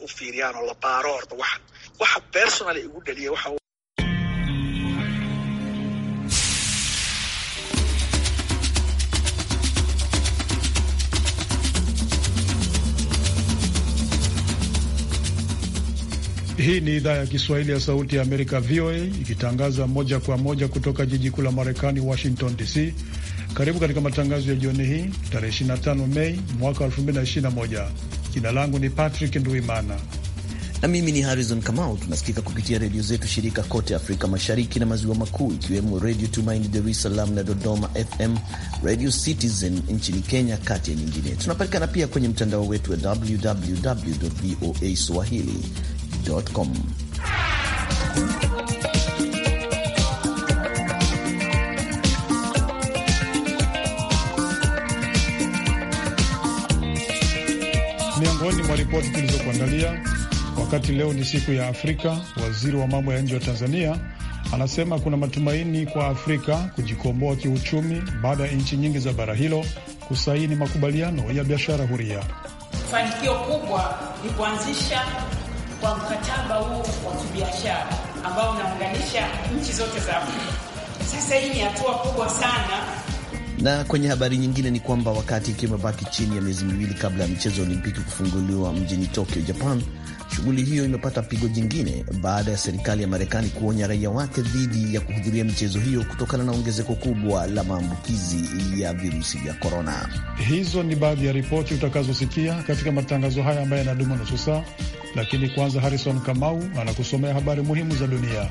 u fiiriyaan oo la baaro horta wax waxa personal igu dhaliya waxa Hii ni idhaa ya Kiswahili ya Sauti ya Amerika, VOA, ikitangaza moja kwa moja kutoka jiji kuu la Marekani, Washington DC. Karibu katika matangazo ya jioni hii tarehe 25 Mei mwaka 2021. Jina langu ni Patrick Nduimana na mimi ni Harrison Kamau. Tunasikika kupitia redio zetu shirika kote Afrika Mashariki na Maziwa Makuu, ikiwemo Redio Tumaini Dar es Salaam na Dodoma FM, Radio Citizen nchini Kenya, kati ya nyingine. Tunapatikana pia kwenye mtandao wetu wa www voa swahili com miongoni mwa ripoti tulizokuandalia. Wakati leo ni siku ya Afrika, waziri wa mambo ya nje wa Tanzania anasema kuna matumaini kwa Afrika kujikomboa kiuchumi baada ya nchi nyingi za bara hilo kusaini makubaliano ya biashara huria. Fanikio kubwa ni kuanzisha kwa mkataba huu wa kibiashara ambao unaunganisha nchi zote za Afrika. Sasa hii ni hatua kubwa sana na kwenye habari nyingine ni kwamba wakati ikiwa imebaki chini ya miezi miwili kabla ya michezo ya Olimpiki kufunguliwa mjini Tokyo, Japan, shughuli hiyo imepata pigo jingine baada ya serikali ya Marekani kuonya raia wake dhidi ya kuhudhuria michezo hiyo kutokana na ongezeko kubwa la maambukizi ya virusi vya korona. Hizo ni baadhi ya ripoti utakazosikia katika matangazo haya ambayo yanadumu nusu saa, lakini kwanza, Harrison Kamau anakusomea habari muhimu za dunia.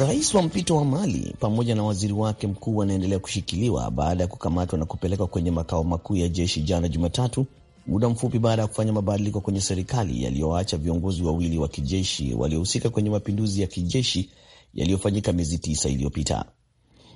Rais wa mpito wa Mali pamoja na waziri wake mkuu wanaendelea kushikiliwa baada ya kukamatwa na kupelekwa kwenye makao makuu ya jeshi jana Jumatatu, muda mfupi baada ya kufanya mabadiliko kwenye serikali yaliyowaacha viongozi wawili wa kijeshi waliohusika kwenye mapinduzi ya kijeshi yaliyofanyika miezi tisa iliyopita,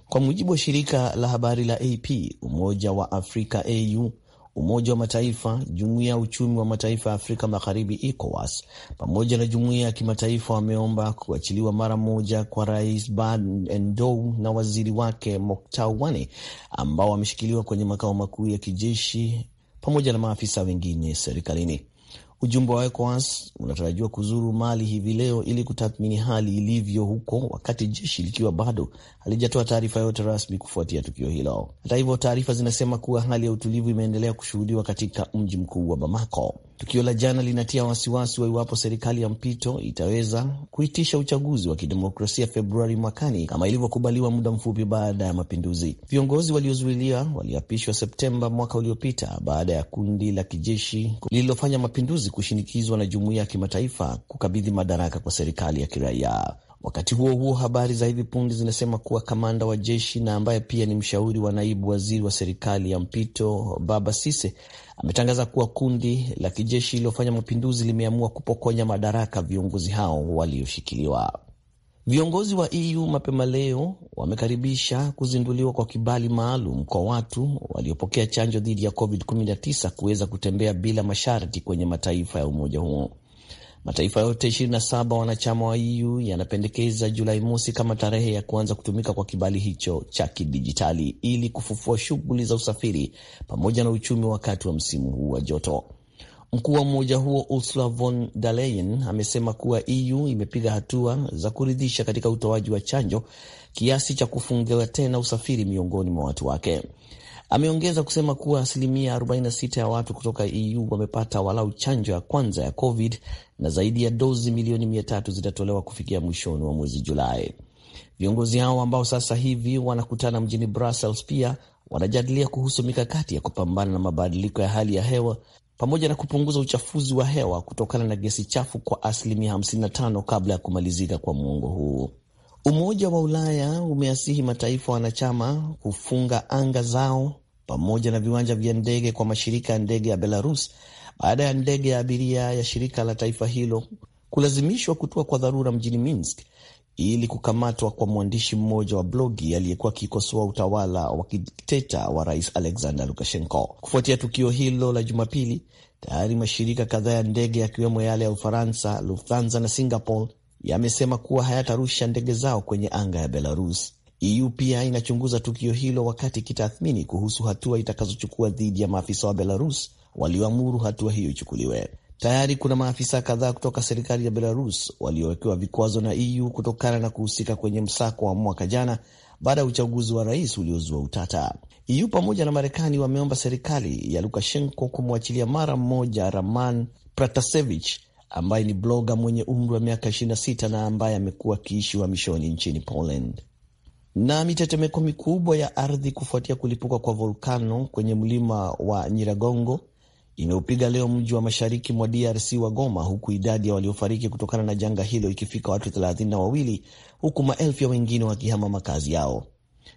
kwa mujibu wa shirika la habari la AP. Umoja wa Afrika au Umoja wa Mataifa, Jumuiya ya Uchumi wa Mataifa ya Afrika Magharibi ECOWAS pamoja na jumuiya ya kimataifa wameomba kuachiliwa mara moja kwa Rais Ban Ndou na waziri wake Moktar Wane ambao wameshikiliwa kwenye makao makuu ya kijeshi pamoja na maafisa wengine serikalini. Ujumbe wa ECOWAS unatarajiwa kuzuru Mali hivi leo ili kutathmini hali ilivyo huko, wakati jeshi likiwa bado halijatoa taarifa yote rasmi kufuatia tukio hilo. Hata hivyo, taarifa zinasema kuwa hali ya utulivu imeendelea kushuhudiwa katika mji mkuu wa Bamako. Tukio la jana linatia wasiwasi wa iwapo serikali ya mpito itaweza kuitisha uchaguzi wa kidemokrasia Februari mwakani kama ilivyokubaliwa muda mfupi baada ya mapinduzi. Viongozi waliozuiliwa waliapishwa Septemba mwaka uliopita baada ya kundi la kijeshi lililofanya mapinduzi kushinikizwa na jumuiya ya kimataifa kukabidhi madaraka kwa serikali ya kiraia. Wakati huo huo, habari za hivi punde zinasema kuwa kamanda wa jeshi na ambaye pia ni mshauri wa naibu waziri wa serikali ya mpito Baba Sise ametangaza kuwa kundi la kijeshi lililofanya mapinduzi limeamua kupokonya madaraka viongozi hao walioshikiliwa. Viongozi wa EU mapema leo wamekaribisha kuzinduliwa kwa kibali maalum kwa watu waliopokea chanjo dhidi ya COVID-19 kuweza kutembea bila masharti kwenye mataifa ya umoja huo. Mataifa yote 27 wanachama wa EU yanapendekeza Julai mosi kama tarehe ya kuanza kutumika kwa kibali hicho cha kidijitali ili kufufua shughuli za usafiri pamoja na uchumi wakati wa msimu huu wa joto. Mkuu wa umoja huo Ursula von der Leyen amesema kuwa EU imepiga hatua za kuridhisha katika utoaji wa chanjo kiasi cha kufungiwa tena usafiri miongoni mwa watu wake. Ameongeza kusema kuwa asilimia 46 ya watu kutoka EU wamepata walau chanjo ya kwanza ya COVID na zaidi ya dozi milioni mia tatu zitatolewa kufikia mwishoni wa mwezi Julai. Viongozi hao ambao sasa hivi wanakutana mjini Brussels pia wanajadilia kuhusu mikakati ya kupambana na mabadiliko ya hali ya hewa pamoja na kupunguza uchafuzi wa hewa kutokana na gesi chafu kwa asilimia 55 kabla ya kumalizika kwa muongo huu. Umoja wa Ulaya umeasihi mataifa wanachama kufunga anga zao pamoja na viwanja vya ndege kwa mashirika ya ndege ya Belarus baada ya ndege ya abiria ya shirika la taifa hilo kulazimishwa kutua kwa dharura mjini Minsk ili kukamatwa kwa mwandishi mmoja wa blogi aliyekuwa akikosoa utawala wa kidikteta wa Rais Alexander Lukashenko. Kufuatia tukio hilo la Jumapili, tayari mashirika kadhaa ya ndege yakiwemo yale ya Ufaransa, Lufthansa na Singapore yamesema kuwa hayatarusha ndege zao kwenye anga ya Belarus. EU pia inachunguza tukio hilo wakati ikitathmini kuhusu hatua itakazochukua dhidi ya maafisa wa Belarus walioamuru hatua hiyo ichukuliwe. Tayari kuna maafisa kadhaa kutoka serikali ya Belarus waliowekewa vikwazo na EU kutokana na kuhusika kwenye msako wa mwaka jana baada ya uchaguzi wa rais uliozua utata. EU pamoja na Marekani wameomba serikali ya Lukashenko kumwachilia mara mmoja Raman Pratasevich ambaye ni bloga mwenye umri wa miaka 26 na ambaye amekuwa akiishi uhamishoni nchini Poland. Na mitetemeko mikubwa ya ardhi kufuatia kulipuka kwa volkano kwenye mlima wa Nyiragongo imeupiga leo mji wa mashariki mwa DRC wa Goma, huku idadi ya waliofariki kutokana na janga hilo ikifika watu thelathini na wawili, huku maelfu ya wengine wakihama makazi yao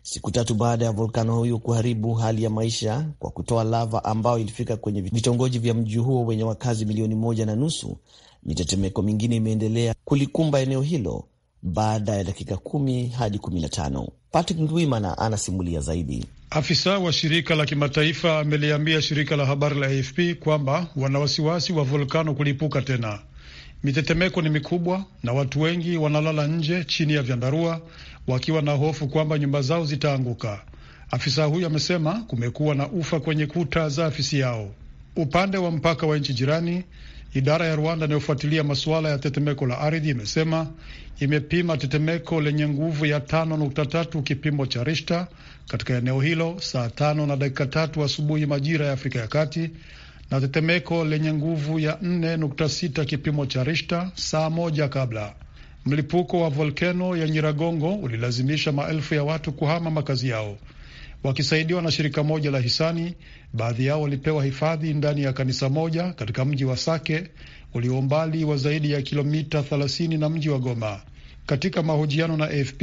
siku tatu baada ya volkano huyo kuharibu hali ya maisha kwa kutoa lava ambayo ilifika kwenye vitongoji vya mji huo wenye wakazi milioni moja na nusu. Mitetemeko mingine imeendelea kulikumba eneo hilo baada ya dakika kumi hadi kumi na tano. Patrick Ndwimana anasimulia zaidi. Afisa wa shirika la kimataifa ameliambia shirika la habari la AFP kwamba wana wasiwasi wa volkano kulipuka tena. Mitetemeko ni mikubwa na watu wengi wanalala nje chini ya vyandarua wakiwa na hofu kwamba nyumba zao zitaanguka. Afisa huyo amesema kumekuwa na ufa kwenye kuta za afisi yao. Upande wa mpaka wa nchi jirani, idara ya Rwanda inayofuatilia masuala ya tetemeko la ardhi imesema imepima tetemeko lenye nguvu ya 5.3 kipimo cha Richter katika eneo hilo saa tano na dakika tatu asubuhi majira ya Afrika ya Kati na tetemeko lenye nguvu ya 4.6 kipimo cha Richter saa moja kabla. Mlipuko wa volkeno ya Nyiragongo ulilazimisha maelfu ya watu kuhama makazi yao. Wakisaidiwa na shirika moja la hisani, baadhi yao walipewa hifadhi ndani ya kanisa moja katika mji wa Sake ulio umbali wa zaidi ya kilomita 30 na mji wa Goma. Katika mahojiano na AFP,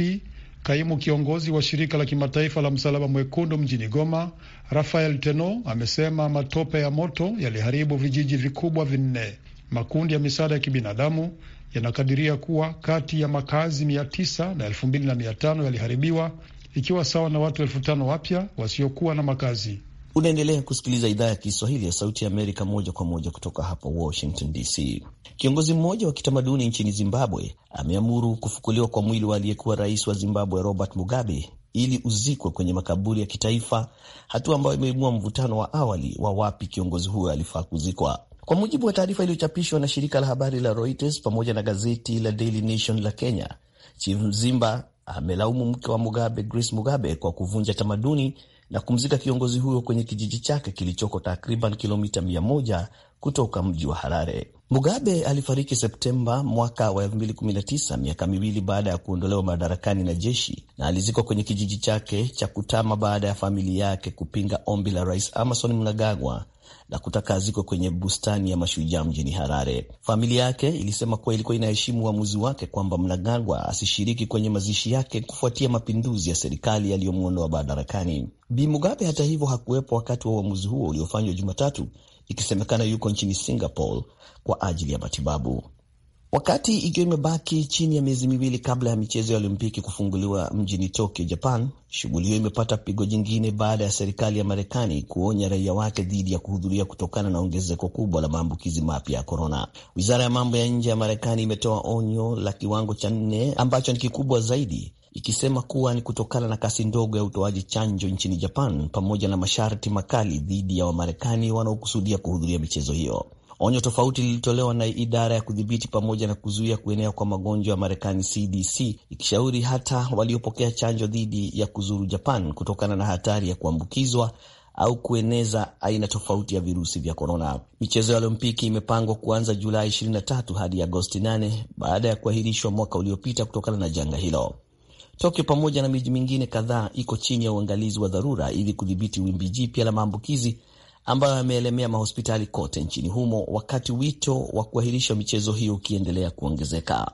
Kaimu kiongozi wa shirika la kimataifa la Msalaba Mwekundu mjini Goma, Rafael Teno, amesema matope ya moto yaliharibu vijiji vikubwa vinne. Makundi ya misaada ya kibinadamu yanakadiria kuwa kati ya makazi mia tisa na elfu mbili na mia tano yaliharibiwa, ikiwa sawa na watu elfu tano wapya wasiokuwa na makazi. Unaendelea kusikiliza idhaa ya Kiswahili ya Sauti ya Amerika moja kwa moja kutoka hapa Washington DC. Kiongozi mmoja wa kitamaduni nchini Zimbabwe ameamuru kufukuliwa kwa mwili wa aliyekuwa rais wa Zimbabwe Robert Mugabe ili uzikwe kwenye makaburi ya kitaifa, hatua ambayo imeibua mvutano wa awali wa wapi kiongozi huyo alifaa kuzikwa. Kwa mujibu wa taarifa iliyochapishwa na shirika la habari la Reuters pamoja na gazeti la Daily Nation la Kenya, Chief Mzimba amelaumu mke wa Mugabe, Grace Mugabe, kwa kuvunja tamaduni na kumzika kiongozi huyo kwenye kijiji chake kilichoko takriban kilomita m1 kutoka mji wa Harare. Mugabe alifariki Septemba mwaka wa 2019 miaka miwili baada ya kuondolewa madarakani na jeshi, na alizikwa kwenye kijiji chake cha Kutama baada ya familia yake kupinga ombi la Rais Emmerson Mnangagwa na kutaka azikwe kwenye bustani ya mashujaa mjini Harare. Familia yake ilisema kuwa ilikuwa inaheshimu uamuzi wa wake kwamba Mnangagwa asishiriki kwenye mazishi yake kufuatia mapinduzi ya serikali yaliyomwondoa madarakani. Bi Mugabe hata hivyo hakuwepo wakati wa uamuzi huo uliofanywa Jumatatu, ikisemekana yuko nchini Singapore kwa ajili ya matibabu. Wakati ikiwa imebaki chini ya miezi miwili kabla ya michezo ya Olimpiki kufunguliwa mjini Tokyo, Japan, shughuli hiyo imepata pigo jingine baada ya serikali ya Marekani kuonya raia wake dhidi ya kuhudhuria kutokana na ongezeko kubwa la maambukizi mapya ya korona. Wizara ya mambo ya nje ya Marekani imetoa onyo la kiwango cha nne ambacho ni kikubwa zaidi ikisema kuwa ni kutokana na kasi ndogo ya utoaji chanjo nchini Japan pamoja na masharti makali dhidi ya Wamarekani wanaokusudia kuhudhuria michezo hiyo. Onyo tofauti lilitolewa na idara ya kudhibiti pamoja na kuzuia kuenea kwa magonjwa ya Marekani, CDC, ikishauri hata waliopokea chanjo dhidi ya kuzuru Japan kutokana na hatari ya kuambukizwa au kueneza aina tofauti ya virusi vya korona. Michezo ya Olimpiki imepangwa kuanza Julai 23 hadi Agosti 8 baada ya kuahirishwa mwaka uliopita kutokana na janga hilo. Tokyo pamoja na miji mingine kadhaa iko chini ya uangalizi wa dharura ili kudhibiti wimbi jipya la maambukizi ambayo yameelemea mahospitali kote nchini humo, wakati wito wa kuahirisha michezo hiyo ukiendelea kuongezeka.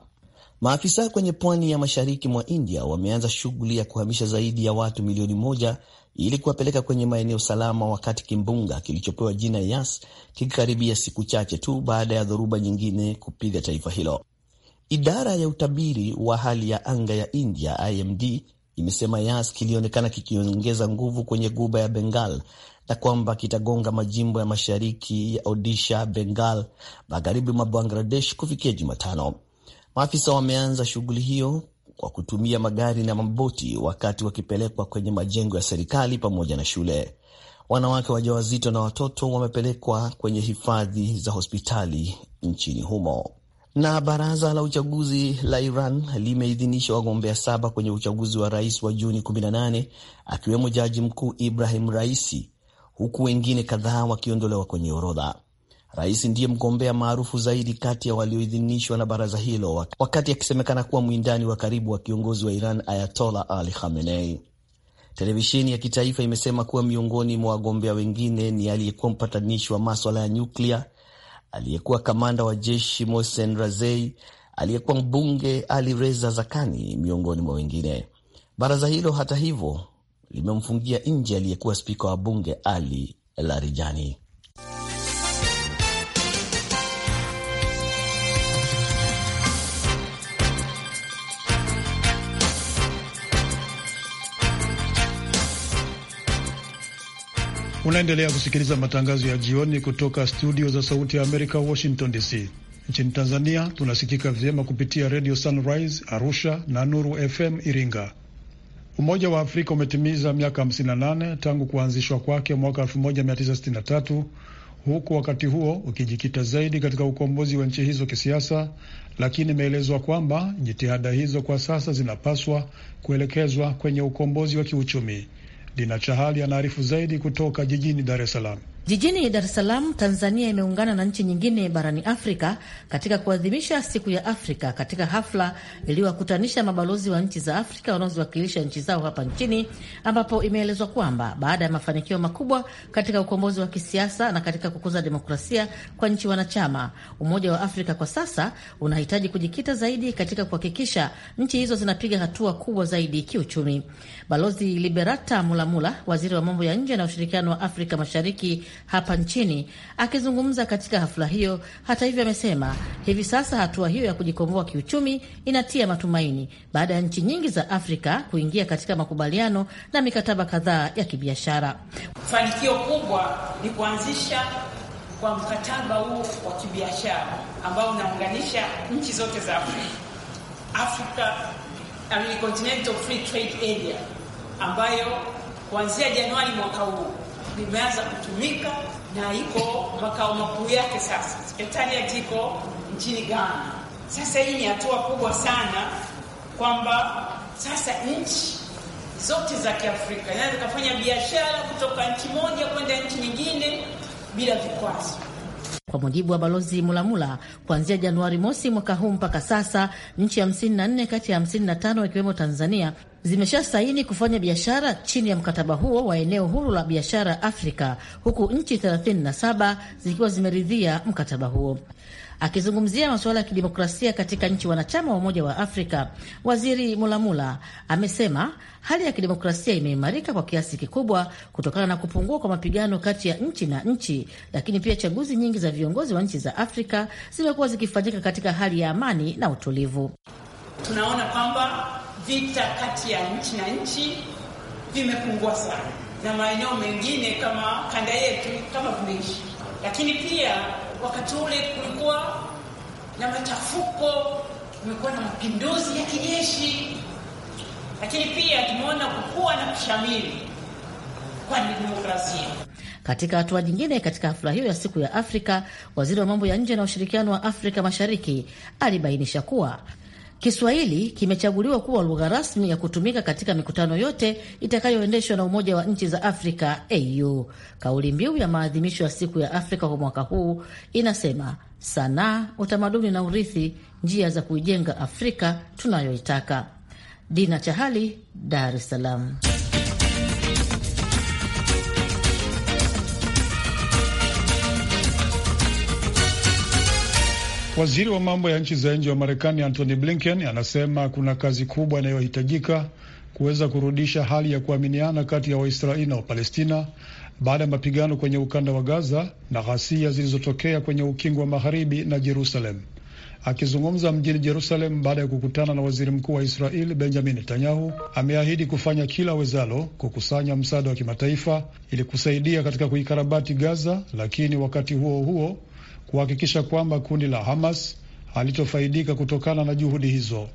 Maafisa kwenye pwani ya mashariki mwa India wameanza shughuli ya kuhamisha zaidi ya watu milioni moja ili kuwapeleka kwenye maeneo salama, wakati kimbunga kilichopewa jina Yas kikikaribia siku chache tu baada ya dhoruba nyingine kupiga taifa hilo. Idara ya utabiri wa hali ya anga ya India IMD imesema Yas kilionekana kikiongeza nguvu kwenye guba ya Bengal na kwamba kitagonga majimbo ya mashariki ya Odisha, Bengal, magharibi mwa Bangladesh kufikia Jumatano. Maafisa wameanza shughuli hiyo kwa kutumia magari na maboti wakati wakipelekwa kwenye majengo ya serikali pamoja na shule. Wanawake wajawazito na watoto wamepelekwa kwenye hifadhi za hospitali nchini humo. Na baraza la uchaguzi la Iran limeidhinisha wagombea saba kwenye uchaguzi wa rais wa Juni 18 akiwemo jaji mkuu Ibrahim Raisi, huku wengine kadhaa wakiondolewa kwenye orodha. Rais ndiye mgombea maarufu zaidi kati ya walioidhinishwa na baraza hilo, wakati akisemekana kuwa mwindani wa karibu wa kiongozi wa Iran Ayatola Ali Khamenei. Televisheni ya kitaifa imesema kuwa miongoni mwa wagombea wengine ni aliyekuwa mpatanishi wa maswala ya nyuklia aliyekuwa kamanda wa jeshi Mohsen Razei, aliyekuwa mbunge Ali Reza Zakani, miongoni mwa wengine. Baraza hilo hata hivyo limemfungia nje aliyekuwa spika wa bunge Ali Larijani. Unaendelea kusikiliza matangazo ya jioni kutoka studio za Sauti ya Amerika, Washington DC. Nchini Tanzania tunasikika vyema kupitia Radio Sunrise Arusha na Nuru FM Iringa. Umoja wa Afrika umetimiza miaka 58 tangu kuanzishwa kwake mwaka 1963 huku wakati huo ukijikita zaidi katika ukombozi wa nchi hizo kisiasa, lakini imeelezwa kwamba jitihada hizo kwa sasa zinapaswa kuelekezwa kwenye ukombozi wa kiuchumi. Dina Chahali anaarifu zaidi kutoka jijini Dar es Salaam. Jijini Dar es Salaam, Tanzania imeungana na nchi nyingine barani Afrika katika kuadhimisha siku ya Afrika katika hafla iliyowakutanisha mabalozi wa nchi za Afrika wanaoziwakilisha nchi zao hapa nchini, ambapo imeelezwa kwamba baada ya mafanikio makubwa katika ukombozi wa kisiasa na katika kukuza demokrasia kwa nchi wanachama, Umoja wa Afrika kwa sasa unahitaji kujikita zaidi katika kuhakikisha nchi hizo zinapiga hatua kubwa zaidi kiuchumi. Balozi Liberata Mulamula, waziri wa mambo ya nje na ushirikiano wa Afrika Mashariki hapa nchini, akizungumza katika hafla hiyo. Hata hivyo, amesema hivi sasa hatua hiyo ya kujikomboa kiuchumi inatia matumaini baada ya nchi nyingi za Afrika kuingia katika makubaliano na mikataba kadhaa ya kibiashara. Fanikio kubwa ni kuanzisha kwa mkataba huo wa kibiashara ambao unaunganisha nchi zote za Afrika, Africa Continental Free Trade Area ambayo kuanzia Januari mwaka huu imeanza kutumika na iko makao makuu yake sasa sekretariati iko nchini Ghana. Sasa hii ni hatua kubwa sana kwamba sasa nchi zote za Kiafrika inaweza kufanya biashara kutoka nchi moja kwenda nchi nyingine bila vikwazo. Kwa mujibu wa Balozi Mulamula, kuanzia Januari mosi mwaka huu mpaka sasa nchi 54 kati ya 55 ikiwemo Tanzania zimesha saini kufanya biashara chini ya mkataba huo wa eneo huru la biashara Afrika, huku nchi 37 zikiwa zimeridhia mkataba huo. Akizungumzia masuala ya kidemokrasia katika nchi wanachama wa Umoja wa Afrika, Waziri Mulamula amesema hali ya kidemokrasia imeimarika kwa kiasi kikubwa kutokana na kupungua kwa mapigano kati ya nchi na nchi, lakini pia chaguzi nyingi za viongozi wa nchi za Afrika zimekuwa zikifanyika katika hali ya amani na utulivu. Tunaona kwamba vita kati ya nchi na nchi vimepungua sana, na maeneo mengine kama kanda yetu kama vimeishi, lakini pia wakati ule kulikuwa na machafuko, kumekuwa na mapinduzi ya kijeshi, lakini pia tumeona kukuwa na kushamiri kwa demokrasia. Katika hatua nyingine, katika hafla hiyo ya siku ya Afrika, waziri wa mambo ya nje na ushirikiano wa Afrika Mashariki alibainisha kuwa Kiswahili kimechaguliwa kuwa lugha rasmi ya kutumika katika mikutano yote itakayoendeshwa na Umoja wa Nchi za Afrika AU. Kauli mbiu ya maadhimisho ya Siku ya Afrika kwa mwaka huu inasema sanaa, utamaduni na urithi, njia za kuijenga Afrika tunayoitaka. Dina Chahali, Dar es Salaam. Waziri wa mambo ya nchi za nje wa Marekani Antony Blinken anasema kuna kazi kubwa inayohitajika kuweza kurudisha hali ya kuaminiana kati ya Waisraeli na Wapalestina baada ya mapigano kwenye ukanda wa Gaza na ghasia zilizotokea kwenye ukingo wa magharibi na Jerusalem. Akizungumza mjini Jerusalem baada ya kukutana na waziri mkuu wa Israel Benjamin Netanyahu, ameahidi kufanya kila wezalo kukusanya msaada wa kimataifa ili kusaidia katika kuikarabati Gaza, lakini wakati huo huo kuhakikisha kwamba kundi la Hamas halitofaidika kutokana na juhudi hizo.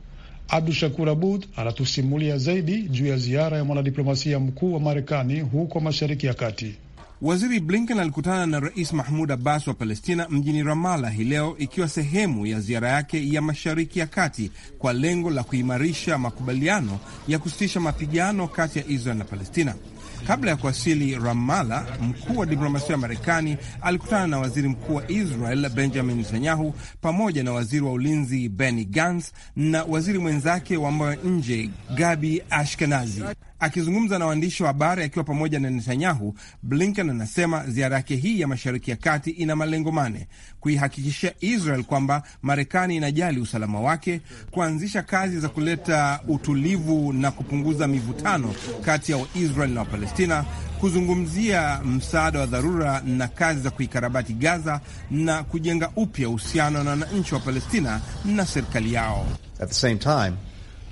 Abdu Shakur Abud anatusimulia zaidi juu ya ziara ya mwanadiplomasia mkuu wa Marekani huko Mashariki ya Kati. Waziri Blinken alikutana na Rais Mahmud Abbas wa Palestina mjini Ramala hii leo ikiwa sehemu ya ziara yake ya Mashariki ya Kati kwa lengo la kuimarisha makubaliano ya kusitisha mapigano kati ya Israel na Palestina. Kabla ya kuwasili Ramala, mkuu wa diplomasia wa Marekani alikutana na waziri mkuu wa Israel Benjamin Netanyahu pamoja na waziri wa ulinzi Benny Gantz na waziri mwenzake wa mambo ya nje Gabi Ashkenazi. Akizungumza na waandishi wa habari akiwa pamoja na Netanyahu, Blinken anasema ziara yake hii ya Mashariki ya Kati ina malengo mane: kuihakikishia Israel kwamba Marekani inajali usalama wake, kuanzisha kazi za kuleta utulivu na kupunguza mivutano kati ya Waisrael na Wapalestina, kuzungumzia msaada wa dharura na kazi za kuikarabati Gaza na kujenga upya uhusiano na wananchi wa Palestina na serikali yao. At the same time,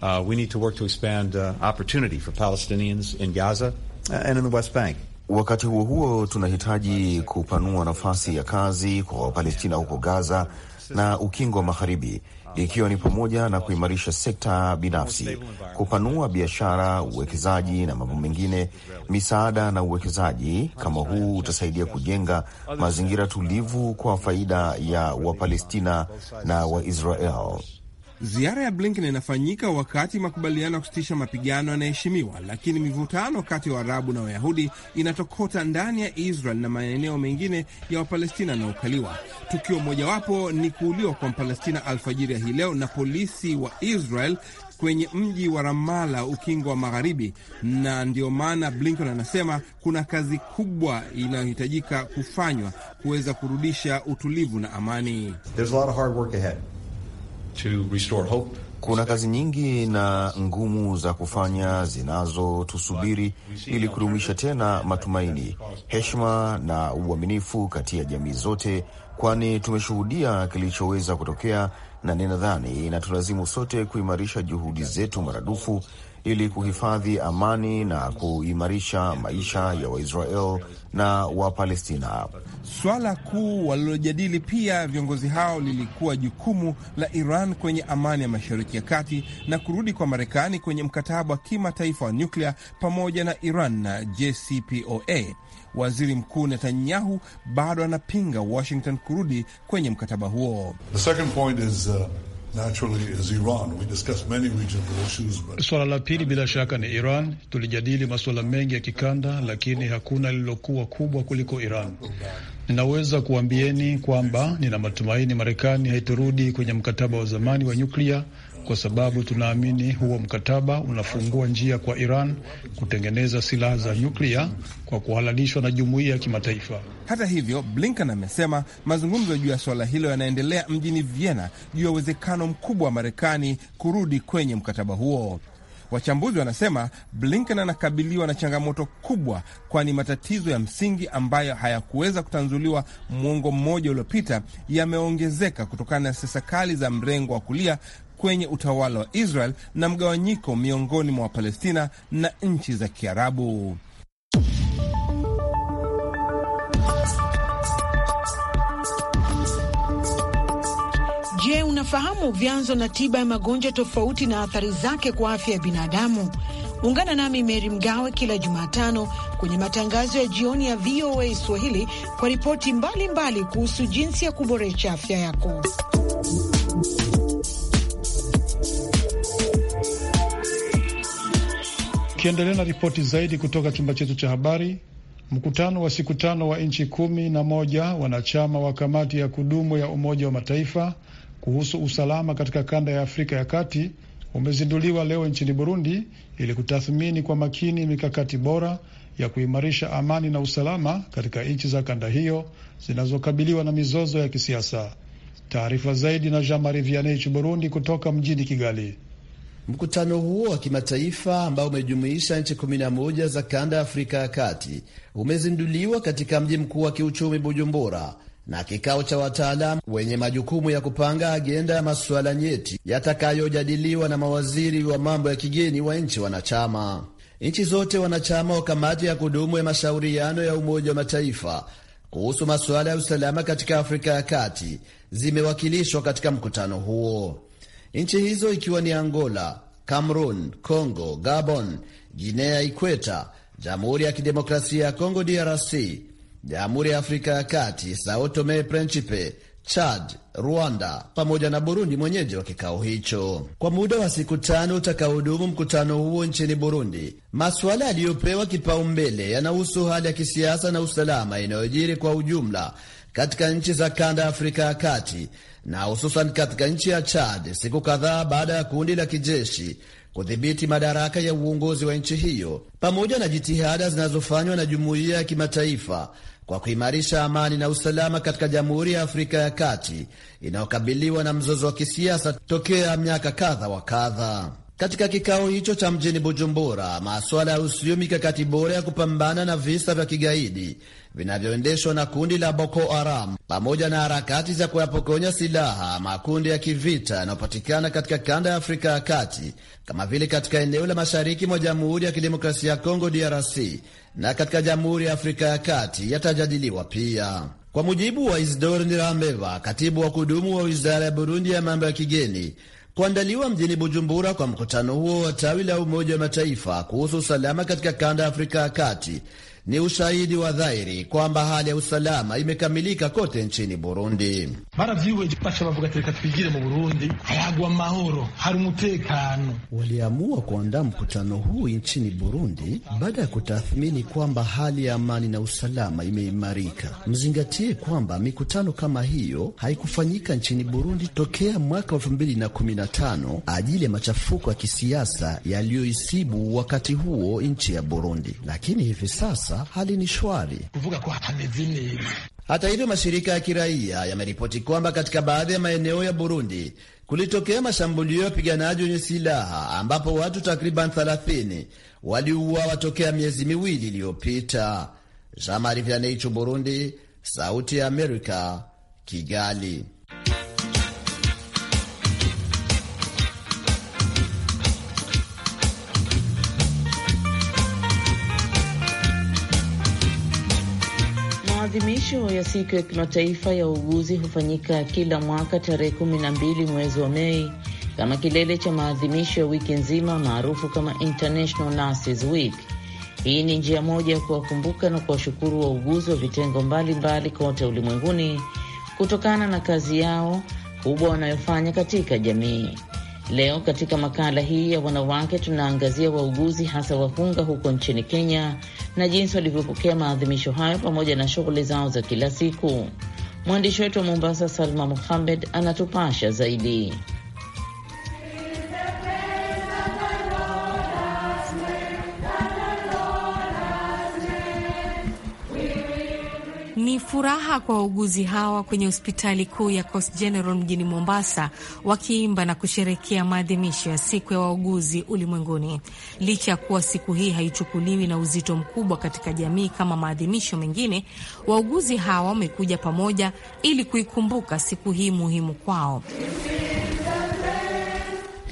Uh, we need to work to expand uh, opportunity for Palestinians in Gaza uh, and in the West Bank. Wakati huo huo, tunahitaji kupanua nafasi ya kazi kwa Wapalestina huko Gaza na ukingo wa Magharibi, ikiwa ni pamoja na kuimarisha sekta binafsi, kupanua biashara, uwekezaji na mambo mengine. Misaada na uwekezaji kama huu utasaidia kujenga mazingira tulivu kwa faida ya Wapalestina na Waisrael. Ziara ya Blinken inafanyika wakati makubaliano ya kusitisha mapigano yanaheshimiwa, lakini mivutano kati ya Waarabu na Wayahudi inatokota ndani ya Israel na maeneo mengine ya Wapalestina yanaokaliwa. Tukio mojawapo ni kuuliwa kwa Mpalestina alfajiri ya hii leo na polisi wa Israel kwenye mji wa Ramala, ukingo wa Magharibi. Na ndiyo maana Blinken anasema kuna kazi kubwa inayohitajika kufanywa kuweza kurudisha utulivu na amani. There's a lot of hard work ahead to restore hope. Kuna kazi nyingi na ngumu za kufanya zinazotusubiri ili kudumisha tena matumaini, heshima na uaminifu kati ya jamii zote, kwani tumeshuhudia kilichoweza kutokea, na ninadhani inatulazimu sote kuimarisha juhudi zetu maradufu ili kuhifadhi amani na kuimarisha maisha ya Waisrael na Wapalestina. swala kuu walilojadili pia viongozi hao lilikuwa jukumu la Iran kwenye amani ya Mashariki ya Kati na kurudi kwa Marekani kwenye mkataba wa kimataifa wa nyuklia pamoja na Iran na JCPOA. Waziri Mkuu Netanyahu bado anapinga Washington kurudi kwenye mkataba huo. The swala Suala la pili bila shaka ni Iran. Tulijadili masuala mengi ya kikanda, lakini hakuna lililokuwa kubwa kuliko Iran. Ninaweza kuambieni kwamba nina matumaini Marekani haitorudi kwenye mkataba wa zamani wa nyuklia kwa sababu tunaamini huo mkataba unafungua njia kwa Iran kutengeneza silaha za nyuklia kwa kuhalalishwa na jumuiya ya kimataifa. Hata hivyo, Blinken amesema mazungumzo juu ya suala hilo yanaendelea mjini Vienna juu ya uwezekano mkubwa wa Marekani kurudi kwenye mkataba huo. Wachambuzi wanasema Blinken anakabiliwa na changamoto kubwa, kwani matatizo ya msingi ambayo hayakuweza kutanzuliwa mwongo mmoja uliopita yameongezeka kutokana na siasa kali za mrengo wa kulia kwenye utawala wa Israel na mgawanyiko miongoni mwa Wapalestina na nchi za Kiarabu. Je, unafahamu vyanzo na tiba ya magonjwa tofauti na athari zake kwa afya ya binadamu? Ungana nami Meri Mgawe kila Jumatano kwenye matangazo ya jioni ya VOA Swahili kwa ripoti mbalimbali kuhusu jinsi ya kuboresha afya yako. Tukiendelea na ripoti zaidi kutoka chumba chetu cha habari, mkutano wa siku tano wa nchi kumi na moja wanachama wa kamati ya kudumu ya Umoja wa Mataifa kuhusu usalama katika kanda ya Afrika ya Kati umezinduliwa leo nchini Burundi ili kutathmini kwa makini mikakati bora ya kuimarisha amani na usalama katika nchi za kanda hiyo zinazokabiliwa na mizozo ya kisiasa. Taarifa zaidi na Jean Marie Vianney Burundi kutoka mjini Kigali. Mkutano huo wa kimataifa ambao umejumuisha nchi 11 za kanda ya Afrika ya Kati umezinduliwa katika mji mkuu wa kiuchumi Bujumbura na kikao cha wataalamu wenye majukumu ya kupanga ajenda ya masuala nyeti yatakayojadiliwa na mawaziri wa mambo ya kigeni wa nchi wanachama. Nchi zote wanachama wa kamati ya kudumu ya mashauriano ya Umoja wa Mataifa kuhusu masuala ya usalama katika Afrika ya Kati zimewakilishwa katika mkutano huo nchi hizo ikiwa ni Angola, Cameroon, Congo, Gabon, Guinea Ikweta, Jamhuri ya Kidemokrasia ya congo DRC, Jamhuri ya Afrika ya Kati, Sao Tome Principe, Chad, Rwanda pamoja na Burundi, mwenyeji wa kikao hicho kwa muda wa siku tano utakaohudumu mkutano huo nchini Burundi. Masuala yaliyopewa kipaumbele yanahusu hali ya kisiasa na usalama inayojiri kwa ujumla katika nchi za kanda ya Afrika ya Kati na hususan katika nchi ya Chad, siku kadhaa baada ya kundi la kijeshi kudhibiti madaraka ya uongozi wa nchi hiyo, pamoja na jitihada zinazofanywa na jumuiya ya kimataifa kwa kuimarisha amani na usalama katika Jamhuri ya Afrika ya Kati inayokabiliwa na mzozo wa kisiasa tokea miaka kadha wa kadha. Katika kikao hicho cha mjini Bujumbura, maswala usio mikakati bora ya kupambana na visa vya kigaidi vinavyoendeshwa na kundi la Boko Haram pamoja na harakati za kuyapokonya silaha makundi ya kivita yanayopatikana katika kanda ya Afrika ya Kati kama vile katika eneo la mashariki mwa Jamhuri ya Kidemokrasia ya Kongo DRC na katika Jamhuri ya Afrika ya Kati yatajadiliwa pia. Kwa mujibu wa Isidore Nirambeva, katibu wa kudumu wa wizara ya Burundi ya mambo ya kigeni kuandaliwa mjini Bujumbura kwa mkutano huo wa tawi la Umoja wa Mataifa kuhusu usalama katika kanda ya Afrika ya Kati ni ushahidi wa dhahiri kwamba hali ya usalama imekamilika kote nchini Burundi. Waliamua kuandaa mkutano huu nchini Burundi baada ya kutathmini kwamba hali ya amani na usalama imeimarika. Mzingatie kwamba mikutano kama hiyo haikufanyika nchini Burundi tokea mwaka 2015 ajili ya machafuko ya kisiasa yaliyoisibu wakati huo nchi ya Burundi, lakini hivi sasa sasa hali ni shwari. Hata hivyo, mashirika ya kiraia yameripoti kwamba katika baadhi ya maeneo ya Burundi kulitokea mashambulio ya wapiganaji wenye silaha ambapo watu takriban 30 waliuawa tokea miezi miwili iliyopita. Burundi, Sauti ya Amerika, Kigali. Maadhimisho ya siku ya kimataifa ya uuguzi hufanyika kila mwaka tarehe kumi na mbili mwezi wa Mei kama kilele cha maadhimisho ya wiki nzima maarufu kama International Nurses Week. Hii ni njia moja ya kuwakumbuka na kuwashukuru wauguzi wa vitengo mbalimbali kote ulimwenguni kutokana na kazi yao kubwa wanayofanya katika jamii. Leo katika makala hii ya wanawake tunaangazia wauguzi hasa wakunga huko nchini Kenya na jinsi walivyopokea maadhimisho hayo pamoja na shughuli zao za kila siku. Mwandishi wetu wa Mombasa, Salma Muhamed, anatupasha zaidi. Ni furaha kwa wauguzi hawa kwenye hospitali kuu ya Coast General mjini Mombasa, wakiimba na kusherekea maadhimisho ya siku ya wauguzi ulimwenguni. Licha ya kuwa siku hii haichukuliwi na uzito mkubwa katika jamii kama maadhimisho mengine, wauguzi hawa wamekuja pamoja ili kuikumbuka siku hii muhimu kwao.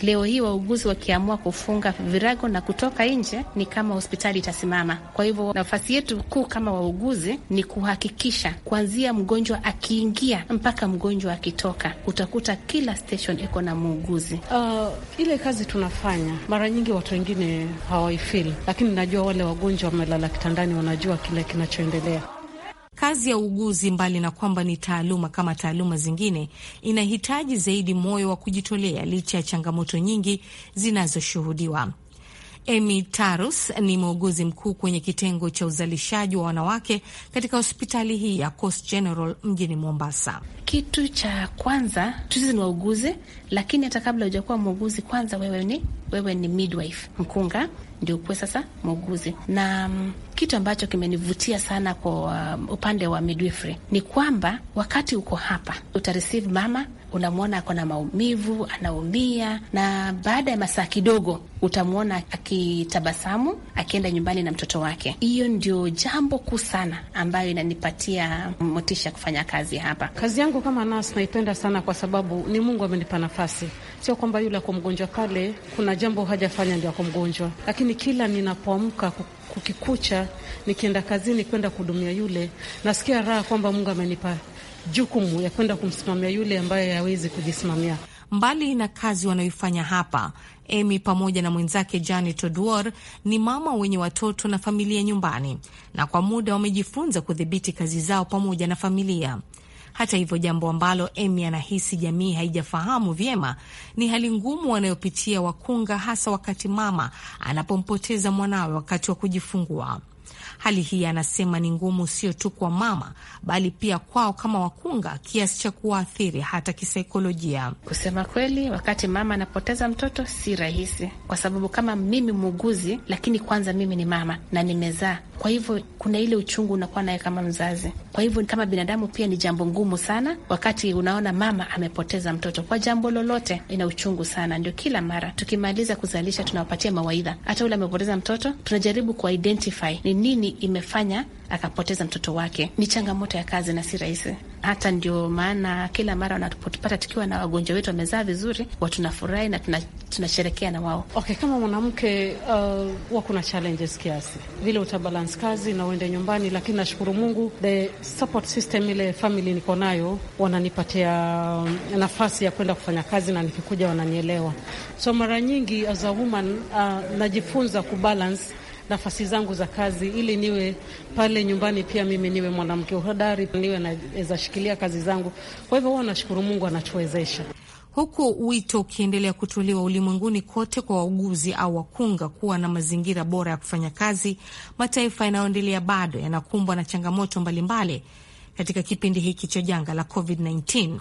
Leo hii wauguzi wakiamua kufunga virago na kutoka nje, ni kama hospitali itasimama. Kwa hivyo nafasi yetu kuu kama wauguzi ni kuhakikisha kuanzia mgonjwa akiingia mpaka mgonjwa akitoka, utakuta kila station iko na muuguzi. Uh, ile kazi tunafanya mara nyingi watu wengine hawaifili, lakini najua wale wagonjwa wamelala kitandani wanajua kile kinachoendelea. Kazi ya uuguzi, mbali na kwamba ni taaluma kama taaluma zingine, inahitaji zaidi moyo wa kujitolea licha ya changamoto nyingi zinazoshuhudiwa. Emi Tarus ni muuguzi mkuu kwenye kitengo cha uzalishaji wa wanawake katika hospitali hii ya Coast General mjini Mombasa. Kitu cha kwanza, sisi ni wauguzi lakini hata kabla hujakuwa muuguzi, kwanza wewe ni wewe ni midwife, mkunga, ndio ukuwe sasa muuguzi. Na um, kitu ambacho kimenivutia sana kwa um, upande wa midwifery ni kwamba wakati uko hapa utareceive mama, unamwona ako na maumivu, anaumia, na baada ya masaa kidogo utamwona akitabasamu, akienda nyumbani na mtoto wake. Hiyo ndio jambo kuu sana ambayo inanipatia motisha kufanya kazi hapa. Kazi yangu kama nas naipenda sana, kwa sababu ni Mungu amenipa nafasi nafasi. Sio kwamba yule ako mgonjwa pale, kuna jambo hajafanya ndio ako mgonjwa, lakini kila ninapoamka kukikucha, nikienda kazini kwenda kuhudumia yule, nasikia raha kwamba Mungu amenipa jukumu ya kwenda kumsimamia yule ambaye hawezi kujisimamia. Mbali na kazi wanayoifanya hapa, Emi pamoja na mwenzake Janet Oduor ni mama wenye watoto na familia nyumbani, na kwa muda wamejifunza kudhibiti kazi zao pamoja na familia. Hata hivyo, jambo ambalo Emi anahisi jamii haijafahamu vyema ni hali ngumu wanayopitia wakunga, hasa wakati mama anapompoteza mwanawe wakati wa kujifungua. Hali hii anasema ni ngumu sio tu kwa mama bali pia kwao kama wakunga, kiasi cha kuwaathiri hata kisaikolojia. Kusema kweli, wakati mama anapoteza mtoto si rahisi, kwa sababu kama mimi muuguzi, lakini kwanza mimi ni mama na nimezaa, kwa hivyo kuna ile uchungu unakuwa naye kama mzazi. Kwa hivyo kama binadamu pia ni jambo ngumu sana, wakati unaona mama amepoteza mtoto kwa jambo lolote, ina uchungu sana. Ndio kila mara tukimaliza kuzalisha, tunawapatia mawaidha. Hata ule amepoteza mtoto, tunajaribu kuidentify ni nini imefanya akapoteza mtoto wake. Ni changamoto ya kazi na si rahisi. Hata ndio maana kila mara wanapotupata tukiwa na wagonjwa wetu wamezaa vizuri, watunafurahi na tunasherekea na wao. Okay, kama mwanamke uh, wakuna challenges kiasi vile, utabalance kazi na uende nyumbani, lakini nashukuru Mungu the support system ile family niko nayo wananipatia um, nafasi ya kwenda kufanya kazi na nikikuja wananielewa. So mara nyingi as a woman uh, najifunza kubalance nafasi zangu za kazi, ili niwe pale nyumbani pia mimi niwe mwanamke hodari, niwe naweza shikilia kazi zangu. Kwa hivyo huwa nashukuru Mungu anatuwezesha huku wito ukiendelea kutolewa ulimwenguni kote kwa wauguzi au wakunga kuwa na mazingira bora ya kufanya kazi, mataifa yanayoendelea bado yanakumbwa na changamoto mbalimbali katika kipindi hiki cha janga la COVID-19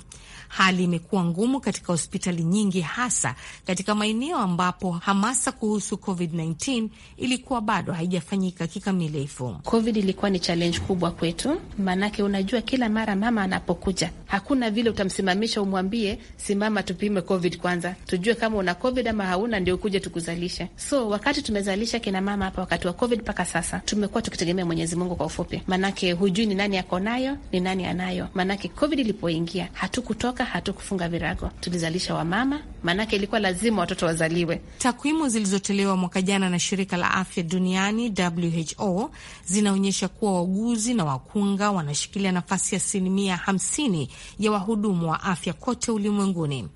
hali imekuwa ngumu katika hospitali nyingi, hasa katika maeneo ambapo hamasa kuhusu COVID-19 ilikuwa bado haijafanyika kikamilifu. COVID ilikuwa ni challenge kubwa kwetu, maanake unajua, kila mara mama anapokuja, hakuna vile utamsimamisha umwambie simama, tupime COVID kwanza tujue kama una COVID ama hauna, ndio kuja tukuzalishe. So wakati tumezalisha kina mama hapa wakati wa COVID mpaka sasa, tumekuwa tukitegemea Mwenyezi Mungu kwa ufupi, maanake hujui ni nani ako nayo, ni nani anayo, maanake COVID ilipoingia hatukutoka mwaka hatukufunga virago, tulizalisha wamama, maanake ilikuwa lazima watoto wazaliwe. Takwimu zilizotolewa mwaka jana na shirika la afya duniani WHO zinaonyesha kuwa wauguzi na wakunga wanashikilia nafasi ya asilimia 50 ya wahudumu wa afya kote ulimwenguni.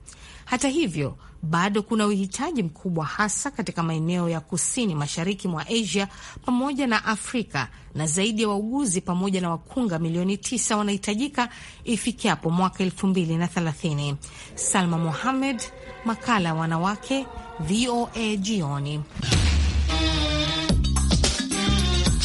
Hata hivyo bado kuna uhitaji mkubwa hasa katika maeneo ya kusini mashariki mwa Asia pamoja na Afrika, na zaidi ya wa wauguzi pamoja na wakunga milioni tisa wanahitajika ifikiapo mwaka elfu mbili na thelathini. Salma Mohamed, makala ya wanawake, VOA jioni.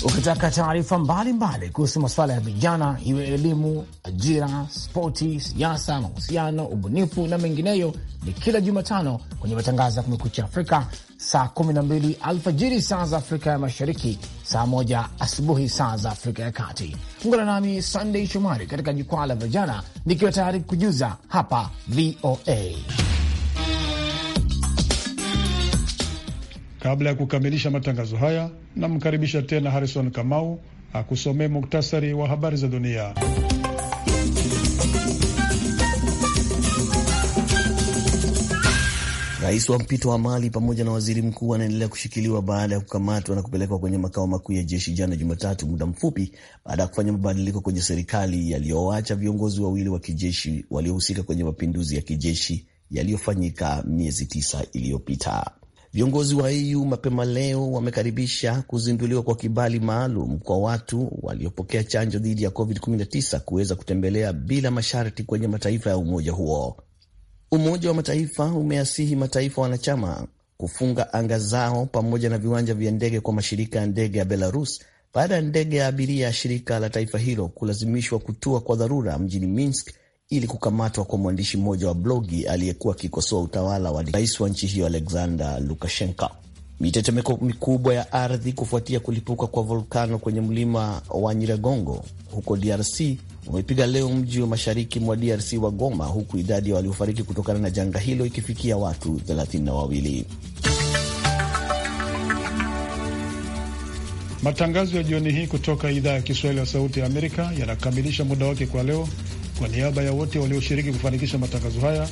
Ukitaka taarifa mbalimbali kuhusu masuala ya vijana, iwe elimu, ajira, spoti, siasa, mahusiano, ubunifu na mengineyo, ni kila Jumatano kwenye matangazo ya Kumekucha Afrika saa 12 alfajiri saa za Afrika ya Mashariki, saa moja asubuhi saa za Afrika ya Kati. Ungana nami sandei Shomari katika jukwaa la vijana, nikiwa tayari kujuza hapa VOA. Kabla ya kukamilisha matangazo haya, namkaribisha tena Harrison Kamau akusomee muktasari wa habari za dunia. Rais wa mpito wa Mali pamoja na waziri mkuu wanaendelea kushikiliwa baada ya kukamatwa na kupelekwa kwenye makao makuu ya jeshi jana Jumatatu, muda mfupi baada ya kufanya mabadiliko kwenye serikali yaliyowacha viongozi wawili wa kijeshi waliohusika kwenye mapinduzi ya kijeshi yaliyofanyika miezi tisa iliyopita. Viongozi wa EU mapema leo wamekaribisha kuzinduliwa kwa kibali maalum kwa watu waliopokea chanjo dhidi ya COVID-19 kuweza kutembelea bila masharti kwenye mataifa ya umoja huo. Umoja wa Mataifa umeasihi mataifa wanachama kufunga anga zao pamoja na viwanja vya ndege kwa mashirika ya ndege ya Belarus baada ya ndege ya abiria ya shirika la taifa hilo kulazimishwa kutua kwa dharura mjini Minsk ili kukamatwa kwa mwandishi mmoja wa blogi aliyekuwa akikosoa utawala wa rais wa nchi hiyo Alexander Lukashenko. Mitetemeko mikubwa ya ardhi kufuatia kulipuka kwa volkano kwenye mlima wa Nyiragongo huko DRC umepiga leo mji wa mashariki mwa DRC wa Goma, huku idadi ya waliofariki kutokana na janga hilo ikifikia watu thelathini na wawili. Matangazo ya jioni hii kutoka idhaa ya Kiswahili ya Sauti ya Amerika yanakamilisha muda wake kwa leo. Kwa niaba ya wote walioshiriki kufanikisha matangazo haya,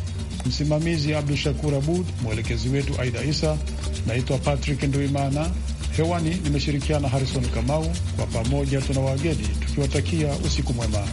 msimamizi Abdu Shakur Abud, mwelekezi wetu Aida Isa. Naitwa Patrick Nduimana, hewani nimeshirikiana Harrison Kamau. Kwa pamoja tuna wageni tukiwatakia usiku mwema.